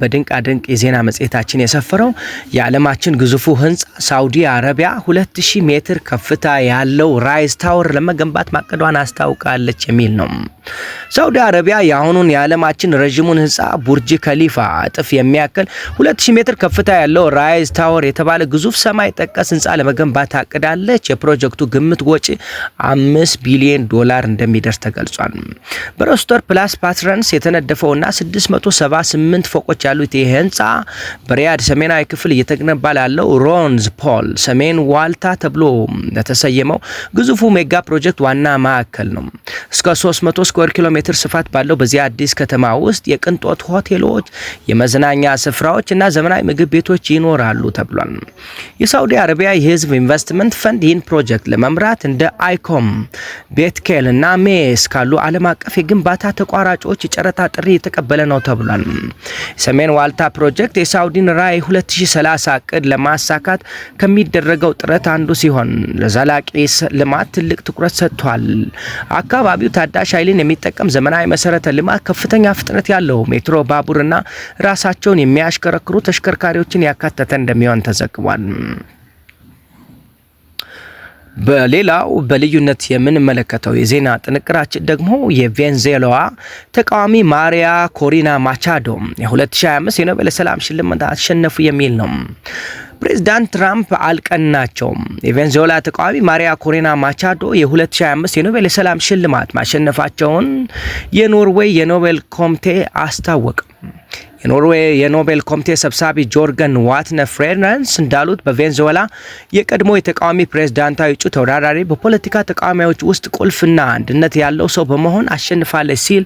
በድንቃ ድንቅ የዜና መጽሔታችን የሰፈረው የዓለማችን ግዙፉ ህንፃ ሳውዲ አረቢያ 2000 ሜትር ከፍታ ያለው ራይዝ ታወር ለመገንባት ማቀዷን አስታውቃለች የሚል ነው። ሳውዲ አረቢያ የአሁኑን የዓለማችን ረዥሙን ህንፃ ቡርጅ ከሊፋ እጥፍ የሚያክል 2000 ሜትር ከፍታ ያለው ራይዝ ታወር የተባለ ግዙፍ ሰማይ ጠቀስ ህንፃ ለመገንባት ታቅዳለች። የፕሮጀክቱ ግምት ወጪ 5 ቢሊዮን ዶላር እንደሚደርስ ተገልጿል። በሮስተር ፕላስ ፓትረንስ የተነደፈውና 678 ፎቆች ያሉት ይህ ህንፃ በሪያድ ሰሜናዊ ክፍል እየተገነባ ላለው ሮንዝ ፖል ሰሜን ዋልታ ተብሎ ለተሰየመው ግዙፉ ሜጋ ፕሮጀክት ዋና ማዕከል ነው። እስከ 300 ስኩዌር ኪሎ ሜትር ስፋት ባለው በዚህ አዲስ ከተማ ውስጥ የቅንጦት ሆቴሎች፣ የመዝናኛ ስፍራዎች እና ዘመናዊ ምግብ ቤቶች ይኖራሉ ተብሏል። የሳውዲ አረቢያ የህዝብ ኢንቨስትመንት ፈንድ ይህን ፕሮጀክት ለመምራት እንደ አይኮም፣ ቤትኬል እና ሜስ ካሉ ዓለም አቀፍ የግንባታ ተቋራጮች የጨረታ ጥሪ የተቀበለ ነው ተብሏል። ሰሜን ዋልታ ፕሮጀክት የሳውዲን ራዕይ 2030 እቅድ ለማሳካት ከሚደረገው ጥረት አንዱ ሲሆን ለዘላቂ ልማት ትልቅ ትኩረት ሰጥቷል። አካባቢው ታዳሽ ኃይልን ቴክኖሎጂን የሚጠቀም ዘመናዊ መሰረተ ልማት ከፍተኛ ፍጥነት ያለው ሜትሮ ባቡርና ራሳቸውን የሚያሽከረክሩ ተሽከርካሪዎችን ያካተተ እንደሚሆን ተዘግቧል። በሌላው በልዩነት የምንመለከተው የዜና ጥንቅራችን ደግሞ የቬንዜላዋ ተቃዋሚ ማሪያ ኮሪና ማቻዶ የ2025 የኖቤል ሰላም ሽልማት አሸነፉ የሚል ነው። ፕሬዚዳንት ትራምፕ አልቀናቸውም። የቬንዙዌላ ተቃዋሚ ማሪያ ኮሬና ማቻዶ የ2025 የኖቤል የሰላም ሽልማት ማሸነፋቸውን የኖርዌይ የኖቤል ኮሚቴ አስታወቀ። የኖርዌይ የኖቤል ኮሚቴ ሰብሳቢ ጆርገን ዋትነ ፍሬድረንስ እንዳሉት በቬንዙዌላ የቀድሞ የተቃዋሚ ፕሬዝዳንታዊ እጩ ተወዳዳሪ በፖለቲካ ተቃዋሚዎች ውስጥ ቁልፍና አንድነት ያለው ሰው በመሆን አሸንፋለች ሲል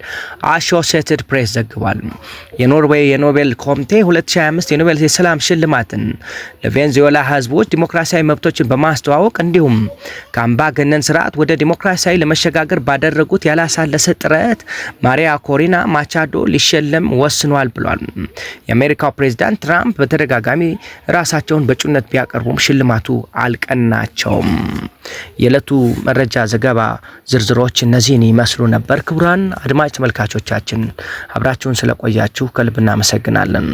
አሾሴትድ ፕሬስ ዘግቧል። የኖርዌይ የኖቤል ኮሚቴ 2025 የኖቤል የሰላም ሽልማትን ለቬንዙዌላ ህዝቦች ዲሞክራሲያዊ መብቶችን በማስተዋወቅ እንዲሁም ከአምባገነን ስርዓት ወደ ዲሞክራሲያዊ ለመሸጋገር ባደረጉት ያላሳለሰ ጥረት ማሪያ ኮሪና ማቻዶ ሊሸለም ወስኗል ብሏል። የአሜሪካው ፕሬዚዳንት ትራምፕ በተደጋጋሚ ራሳቸውን በእጩነት ቢያቀርቡም ሽልማቱ አልቀናቸውም። የዕለቱ መረጃ ዘገባ ዝርዝሮች እነዚህን ይመስሉ ነበር። ክቡራን አድማጭ ተመልካቾቻችን አብራችሁን ስለቆያችሁ ከልብ እናመሰግናለን።